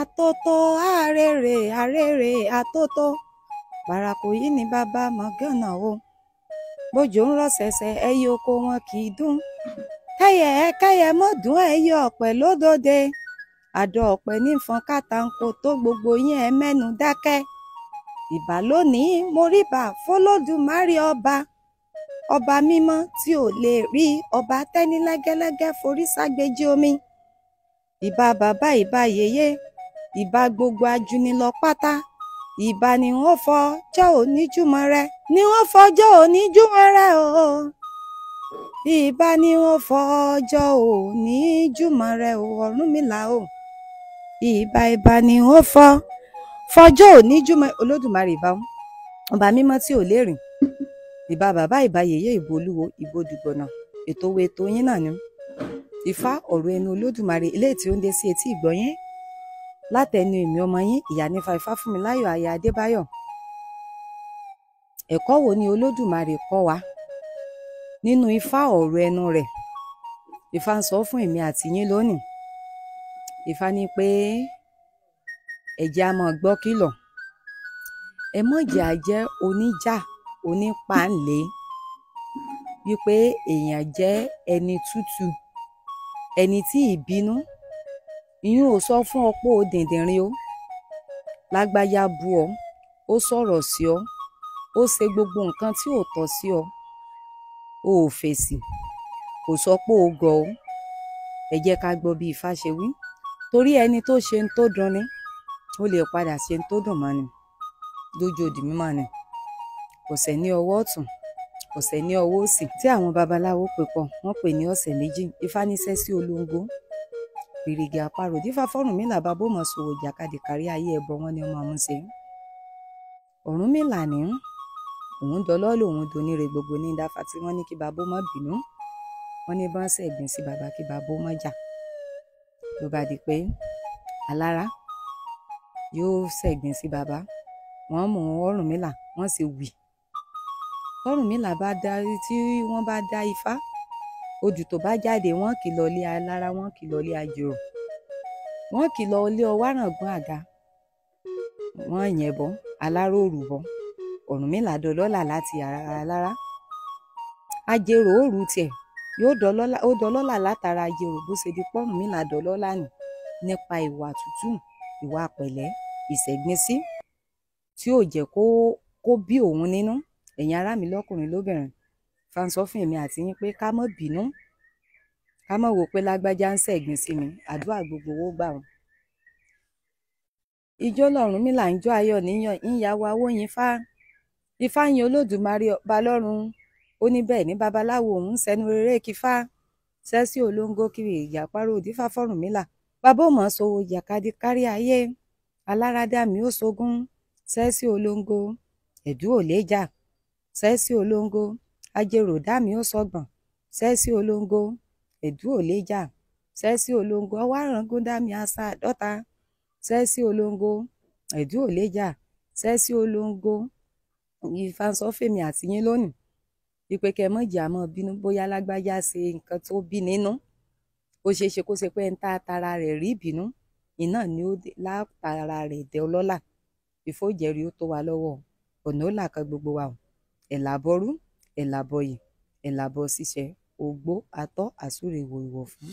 àtòtò àrèrè àrèrè àtòtò bàràkù yìí ni bàbá mọ̀gànà o bójò ń rọ̀ ṣẹ̀ṣẹ̀ ẹyẹ oko wọn kì í dún kẹyẹ kẹyẹ mọ́dún ẹyẹ ọ̀pẹ lódòde àdó ọ̀pẹ nífọn kàtàǹkò tó gbogbo yín ẹ mẹ́nu dákẹ́ ìbà lónìí mo rí bà fọlọ́dúnmárì ọba ọba mímọ́ tí ò lè rí ọba tẹ́ni lẹ́gẹ́lẹ́gẹ́ forí ságbèjì omi ìbà bàbá ìbà yèyé ìbá gbogbo ajúnilọ pátá ìbá ni wọ́n fọjọ́ oníjúmọ́ rẹ ni wọ́n fọjọ́ oníjúmọ́ rẹ o ìbá ni wọ́n fọjọ́ oníjúmọ́ rẹ o Ọ̀rúnmìlà o ìbá ìbá ni wọ́n fọ fọjọ́ oníjúmọ́ Olódùmarè ìbá wọn ọba mímọ́ tí ò lérìn ìbá bàbá ìbá yèyé ìbò olúwo ìbò dùgbọ̀nà ètò owó ètò yín náà ni ifá ọ̀rọ̀ ẹnu Olódùmarè eléyìí tí ó ń dé sí etí ìgbọ́yín látẹnu ìmí ọmọ yín ìyánífà ìfáfúnmiláyọ̀ aya adébáyọ̀ ẹ̀kọ́ wo ni olódùmarè kọ́ wa nínú ifá ọ̀rọ̀ ẹnu rẹ̀ ifá ń sọ fún èmi àti yín lónìí ifá ní pé ẹ̀jẹ̀ a máa gbọ́ kìlọ̀ ẹ mọ̀jẹ̀ á jẹ́ oníjà onípàǹlé wípé èèyàn jẹ́ ẹni tútù ẹni tí ìbínú ìyún ò sọ fún ọ pé o dìndìnrín o lágbáyà bu ọ ó sọ̀rọ̀ sí ọ ó ṣe gbogbo nǹkan tí ò tọ́ sí ọ o ò fèsì kò sọ pé o gọ̀ o ẹ jẹ́ ká gbọ́ bí ifá ṣe wí torí ẹni tó ṣe ń tó dùn ni ó lè padà ṣe ń tó dùn mọ́ ni lójú òdì mímọ́ ni ọ̀sẹ̀ ní ọwọ́ ọ̀tún ọ̀sẹ̀ ní ọwọ́ òsì tí àwọn babaláwo pè pọ̀ wọ́n pè ní ọ̀sẹ̀ méjì ifá níṣẹ́ sí olóńgbò gbèrègì àparò dífá fọ́rùn mí làbá bó mọ̀ sòwò jàkadì kárí ayé ẹbọ wọn ni ọmọ ọmọ ṣe ń ọ̀run mi là ní òun dọlọ́ lòun donire gbogbo ní dáfà tí wọ́n ní kí babó má bínú wọ́n ní bọ́n ṣẹ̀gbìn sí baba kí babó má jà ló bá di pé alára yóò ṣẹ̀gbìn sí baba wọ́n mú ọ̀rùn mi là wọ́n sì wì ọ̀rùn mi là bá dá tí wọ́n bá dá ifá Odù tó bá jáde wọ́n kìlọ̀ lé alára, wọ́n kìlọ̀ lé ajòrò. Wọ́n kìlọ̀ lé ọwárangún àga. Wọ́n yẹ̀bọ, aláró òrùbọ. Ọ̀rúnmìlà dọlọ́lá láti ara alára. Ajérò òru tiẹ̀ yóò dọlọ́lá ó dọlọ́là látara ajérò bó ṣe di pọ́nrúnmìlà dọlọ́lá nì nípa ìwà tútù, ìwà pẹ̀lẹ́, ìṣẹ̀gbìnsí tí ò jẹ́ kó bí òun nínú ẹ̀yin ará mi lọ́kùnrin lóbìnrin fansọ́fìn mi àti yín pé ká má bínú ká má wò pé lágbájá ń ṣẹ̀gbìn sí mi àdúrà gbogbo owó gbà wọ́n. ìjọ lọ́rùn mi là ń jọ ayọ̀ níyàn ìyá wa owó yín fá ifá yin olódùmarè ọba lọ́run ó ní bẹ́ẹ̀ ní babaláwo òun sẹ́nu rere kífá sẹ́sí olóńgó kiri ìyàpárò òdífà fọ́rùn mi là bàbá òmò sowó yàkadì kárí ayé alárádá mi ó sogún sẹ́sí olóńgó ẹ̀dú ò lè jà olóńgó ajérò dámì ó sọgbọ̀n sẹ́sí olóńgó ẹ̀dú òléjà sẹ́sí olóńgó ọwárangún dámì àṣà dọ́ta sẹ́sí olóńgó ẹ̀dú òléjà sẹ́sí olóńgó ìfansọ́fèmí àtìyín lónìí wípé kẹ mọ ìjà mọ bínú bóyá lágbájá ṣe nǹkan tó bí nínú ó ṣeé ṣe kó ṣe pé ń ta tara rẹ̀ rí ìbínú iná ni ó látara rẹ̀ dẹ ọlọ́lá ìfọ́jẹ̀rí ó tó wa lọ́wọ́ ọ̀nà ó là kan gbogbo wa ẹ̀ làbọ́rú ẹ̀làbọ̀yí ẹ̀làbọ̀ ṣíṣe ògbó atọ́ àsúre ìwò ìwọ̀fún